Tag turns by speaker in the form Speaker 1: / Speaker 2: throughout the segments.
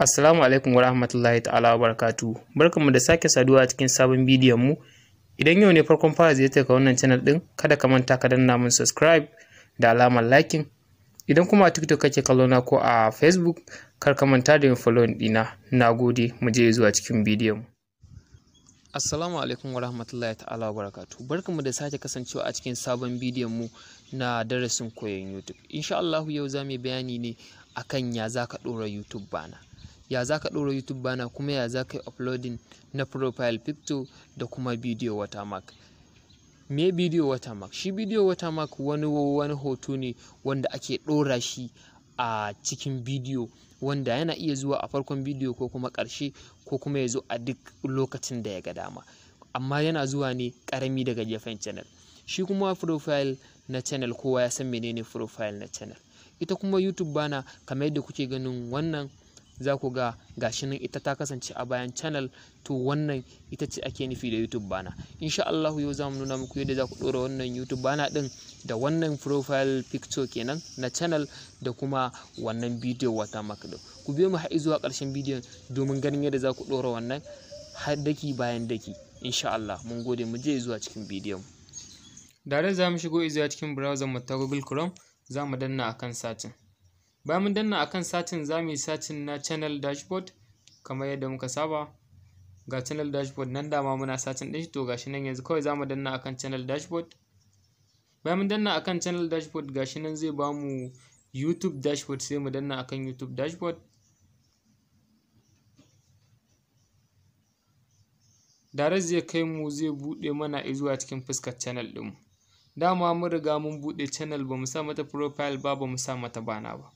Speaker 1: Assalamu alaikum wa rahmatullahi ta'ala wa barakatu. Barkanmu da sake saduwa a cikin sabon bidiyon mu. Idan yau ne farkon fara ziyartar ka wannan channel din, kada ka manta ka danna mun subscribe da alamar liking. Idan kuma a TikTok kake kallo na ko a Facebook, kar ka manta da yin follow dina. Nagode, mu je zuwa cikin bidiyon mu. Assalamu alaikum wa rahmatullahi ta'ala wa barakatu. Barkanmu da sake kasancewa a cikin sabon bidiyon mu na darasin koyon YouTube. Insha Allah yau za mu bayani ne akan ya zaka ɗora YouTube bana. ya za ka ɗora youtube bana kuma ya za ka yi uploading na profile picture da kuma video watermark me video watermark shi video watermark wani wani hoto ne wanda ake ɗora shi a cikin bidiyo wanda yana iya zuwa a farkon bidiyo ko kuma ƙarshe ko kuma ya zo a duk lokacin da ya ga dama amma yana zuwa ne ƙarami daga gefen channel shi kuma profile na channel kowa ya san menene profile na channel ita kuma youtube bana kamar yadda kuke ganin wannan za ku ga gashi nan ita ta kasance a bayan channel to wannan ita ce ake nufi da youtube bana insha Allah yau za mu nuna muku yadda za ku ɗora wannan youtube bana ɗin da wannan profile picture kenan na channel da kuma wannan bidiyo watermark ɗin ku biyo mu har zuwa ƙarshen bidiyon domin ganin yadda za ku ɗora wannan har daki bayan daki insha Allah mun gode mu je zuwa cikin bidiyon da za mu shigo izuwa cikin browser mu ta google chrome za mu danna akan satin Bayan mun danna akan satin za mu yi satin na channel dashboard kamar yadda muka saba. Ga channel dashboard nan dama muna satin ɗin shi to gashi nan yanzu kawai za mu danna akan channel dashboard. Bayan mun danna akan channel dashboard gashi nan zai ba mu YouTube dashboard sai mu danna akan YouTube dashboard. Direct zai kai mu zai buɗe mana izuwa cikin fuskar channel ɗinmu. Dama mun riga mun buɗe channel ba mu sa mata profile ba ba mu sa mata bana ba.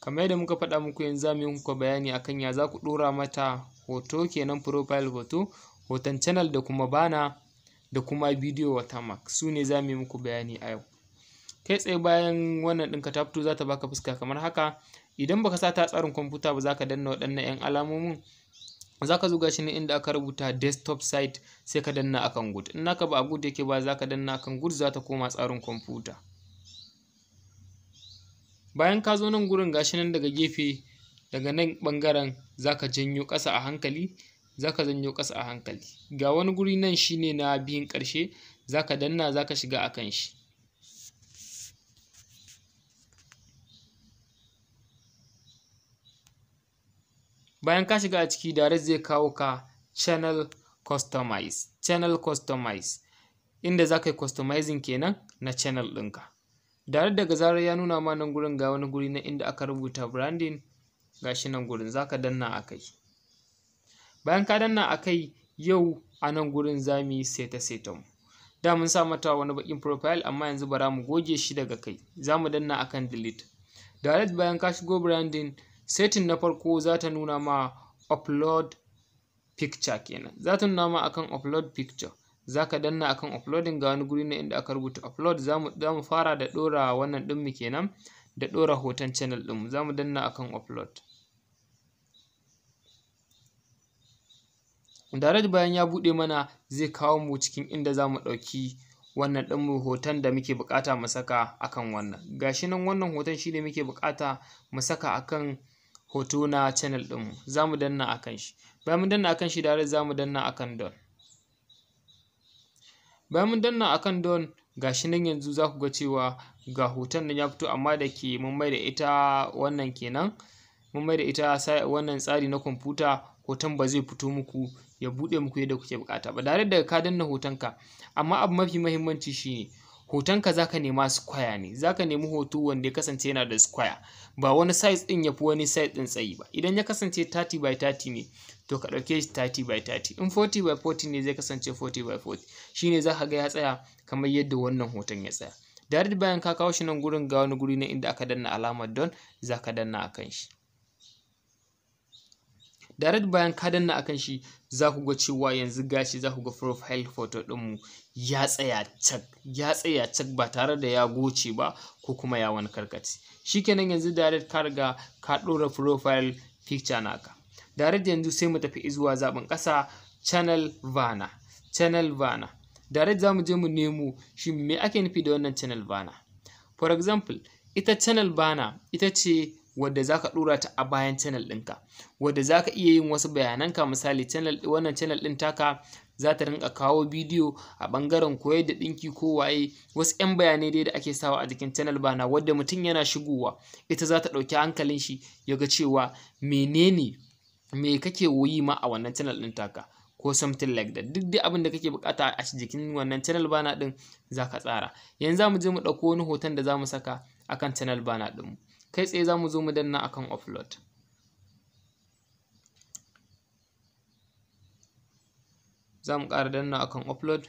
Speaker 1: kamar yadda muka faɗa muku yanzu za mu yi muku bayani akan ya za ku ɗora mata hoto kenan profile hoto hoton channel da kuma bana da kuma video watermark su ne za mu yi muku bayani a yau kai tsaye bayan wannan ɗinka ta fito za ta baka fuska kamar haka idan baka sa ta tsarin kwamfuta ba za ka danna waɗannan 'yan alamomin za ka zo gashi ne inda aka rubuta desktop site sai ka danna akan good in naka ba a good yake ba za ka danna akan good za ta koma tsarin kwamfuta bayan ka zo nan gurin gashi nan daga gefe daga nan ɓangaren zaka janyo ƙasa a hankali zaka janyo ƙasa a hankali ga wani guri nan shine na biyun ƙarshe zaka danna zaka shiga akan shi bayan ka shiga a ciki direct zai kawo ka channel customize channel customize inda zaka yi customizing kenan na channel ɗinka da daga zarar ya nuna ma nan gurin ga wani guri na inda aka rubuta branding ga shi nan gurin za ka danna a kai bayan ka danna a kai yau a nan gurin za mu yi seta mu, da mun sa mata wani bakin profile amma yanzu bara mu goge shi daga kai za mu danna akan delete direct bayan ka shigo branding setting na farko za ta nuna ma upload picture kenan za ta nuna ma akan upload picture za ka danna akan uploading ga wani guri ne inda aka rubuta upload za mu fara da dora wannan mu kenan da ɗora hoton channel ɗinmu za mu danna akan upload direct bayan ya bude mana zai kawo mu cikin inda zamu dauki ɗauki wannan mu hoton da muke bukata mu saka akan wannan gashi nan wannan hoton shi ne muke bukata mu saka akan hoto na channel ɗinmu za mu danna akan shi bayan mun danna akan shi direct za danna akan done Bayan mun danna a kan don ga shi nan yanzu za ku ga cewa ga hoton nan ya fito amma da ke mun mai da ita wannan kenan mun mai da ita wannan tsari na kwamfuta hoton ba zai fito muku ya buɗe muku yadda kuke buƙata ba tare da ka danna hotonka amma abu mafi muhimmanci shi ne. hotonka za ka nema square ne za ka nemi hoto wanda ya kasance yana da square ba wani size ɗin ya fi wani size ɗin tsayi ba idan ya kasance 30 by 30 ne to ka ɗauke shi 30 by 30 in 40 by 40 ne zai kasance 40 by 40 shine za ka ga ya tsaya kamar yadda wannan hoton ya tsaya da bayan ka kawo shi nan gurin ga wani guri na inda aka danna alamar don za ka danna a kan shi direct bayan ka danna akan shi za ku ga cewa yanzu gashi za ku ga profile photo ɗinmu ya tsaya cak ya tsaya cak ba tare da ya goce ba ko kuma ya wani karkace shikenan yanzu direct ka riga ka ɗora profile picture naka direct yanzu sai mu tafi zuwa zaɓin ƙasa channel vana channel vana direct za mu je mu nemo shi me ake nufi da wannan channel vana for example ita channel vana ita ce wadda za ka ɗora ta a bayan channel ɗinka wadda za ka iya yin wasu ka misali channel wannan channel ɗin taka za ta rinka kawo bidiyo a ɓangaren koyar da ɗinki ko waye wasu 'yan bayanai dai da ake sawa a jikin channel bana wadda mutum yana shigowa ita za ta ɗauki hankalin shi ya ga cewa menene me kake yi ma a wannan channel ɗin taka ko something like that duk dai abin da kake bukata a jikin wannan channel bana ɗin za ka tsara yanzu za mu je mu ɗauko wani hoton da za mu saka akan channel bana ɗinmu kai tsaye za mu zo mu danna akan upload za mu ƙara danna akan upload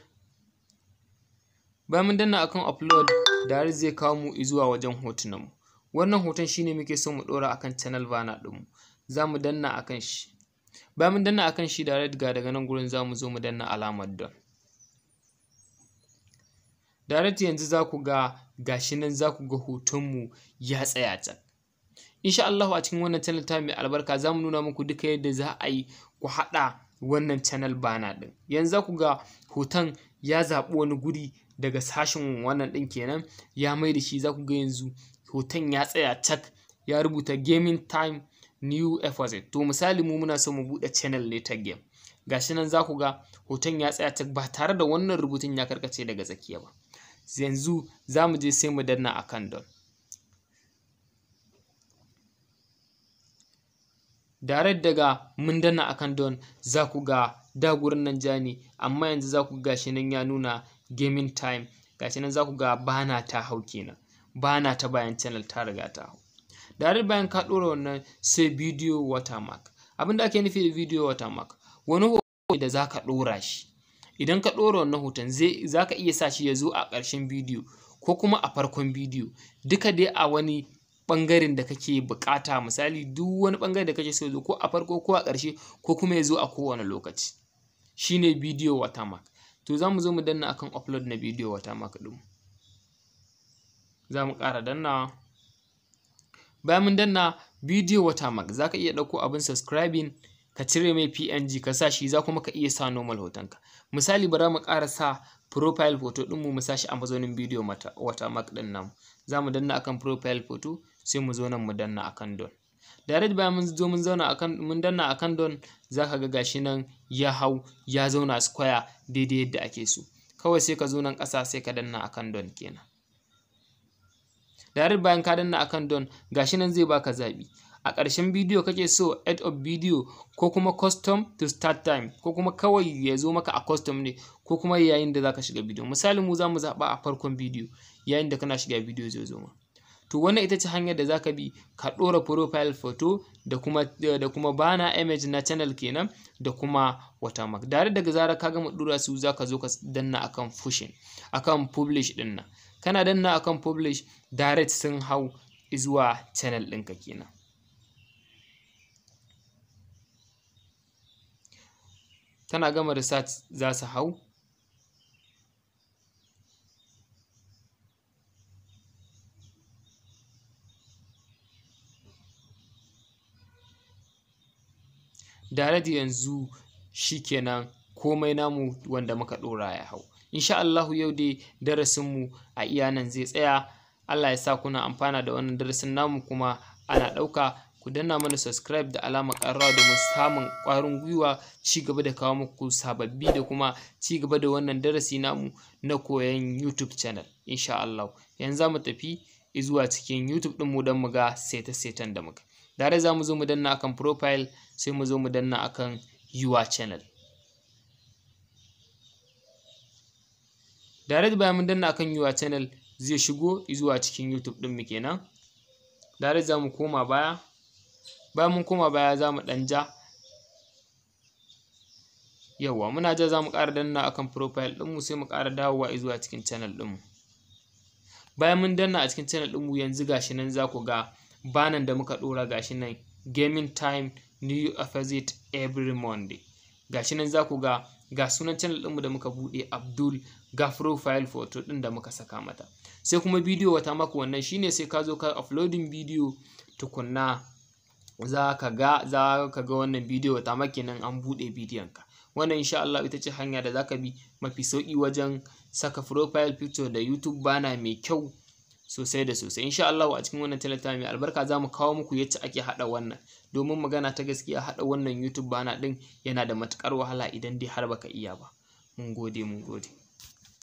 Speaker 1: bayan mun danna akan upload direct zai kawo mu zuwa wajen hotunan mu wannan hoton shine muke so mu ɗora akan channel banner ɗin mu za mu danna akan shi bayan mun danna akan shi direct ga daga nan gurin za mu zo mu danna alamar don direct yanzu za ku ga gashi nan za ku ga hotonmu ya tsaya can insha Allah a cikin wannan channel ta mai albarka za mu nuna muku duka yadda za a yi ku haɗa wannan channel bana ɗin yanzu za ku ga hoton ya zaɓi wani guri daga sashen wannan din kenan ya mai da shi za ku ga yanzu hoton ya tsaya cak ya rubuta gaming time new effort to misali mu muna so mu buɗe channel ne ta game gashi nan za ku ga hoton ya tsaya cak ba tare da wannan rubutun ya karkace daga tsakiya ba yanzu za mu je sai mu danna a kan don direct daga mun danna a kan don za ku ga da gurin nan ja ne amma yanzu za ku ga shi nan ya nuna gaming time gashi nan za ku ga bana ta hau kenan bana ta bayan channel ta riga ta hau direct bayan ka ɗora wannan sai video watermark abin da ake nufi da video watermark wani hoto da za ka ɗora shi idan ka ɗora wannan hoton zai za ka iya sa shi ya zo a ƙarshen bidiyo ko kuma a farkon bidiyo duka dai a wani ɓangaren da kake buƙata misali duk wani ɓangare da kake so ya zo ko a farko ko a ƙarshe ko kuma ya zo a kowane lokaci shine bidiyo watermark to za mu zo mu danna akan upload na bidiyo watermark ɗin za mu ƙara dannawa bayan mun danna bidiyo watermark za ka iya ɗauko abin subscribing ka cire mai png ka sa shi za kuma ka iya sa normal hotonka misali bara mu ƙara sa profile photo din mu mu sa a mazaunin bidiyo mata watermark din namu za mu danna akan profile photo sai mu zo nan mu danna akan don direct bayan mun zo mun zauna akan mun danna akan don za ka ga gashi nan ya hau ya zauna square daidai yadda ake so kawai sai ka zo nan ƙasa sai ka danna akan don kenan direct bayan ka danna akan don gashi nan zai baka zaɓi a ƙarshen bidiyo kake so add of video ko kuma custom to start time ko kuma kawai ya zo maka a custom ne ko kuma yayin da zaka shiga bidiyo misali mu za mu zaɓa a farkon bidiyo yayin da kana shiga bidiyo zai zo ma to wannan ita ce hanyar da za ka bi ka ɗora profile photo da kuma da kuma bana image na channel kenan da kuma watermark dare daga zarar ka gama ɗora su za ka zo ka danna akan pushing akan publish ɗin nan kana danna akan publish direct sun hau zuwa channel ɗinka kenan tana gama research za su hau da yanzu shi shikenan komai namu wanda muka ɗora ya hau insha Allahu yau dai darasinmu a iya nan zai tsaya Allah ya sa kuna amfana da wannan darasin namu kuma ana ɗauka ku danna mana subscribe da alamar ƙararrawa domin samun ƙwarin gwiwa ci gaba da kawo muku sababbi da kuma ci gaba da wannan darasi namu na koyon YouTube channel insha Allah yanzu za mu tafi zuwa cikin YouTube din mu don mu ga seta-setan da muka dare za mu zo mu danna akan profile sai mu zo mu danna akan your channel dare bayan mu danna akan your channel zai shigo zuwa cikin YouTube din mu kenan dare za mu koma baya bayan mun koma baya za mu ɗan ja yawa muna ja za mu ƙara danna akan profile ɗinmu sai mu ƙara dawowa zuwa cikin channel ɗinmu bayan mun danna a cikin channel ɗinmu yanzu gashi nan za ku ga banan da muka ɗora gashi nan gaming time new opposite every monday gashi nan za ku ga ga sunan channel ɗinmu da muka buɗe abdul ga profile photo ɗin da muka saka mata sai kuma bidiyo wata maka wannan shine sai ka zo ka uploading bidiyo tukunna za ka ga ga wannan bidiyo ta nan an buɗe bidiyon ka wannan insha Allah ita ce hanya da za ka bi mafi sauƙi wajen saka profile picture da YouTube bana mai kyau sosai da sosai insha Allah a cikin wannan talata mai albarka za mu kawo muku yadda ake haɗa wannan domin magana ta gaskiya haɗa wannan YouTube bana ɗin yana da matuƙar wahala idan dai har ba ka iya ba mun gode mun gode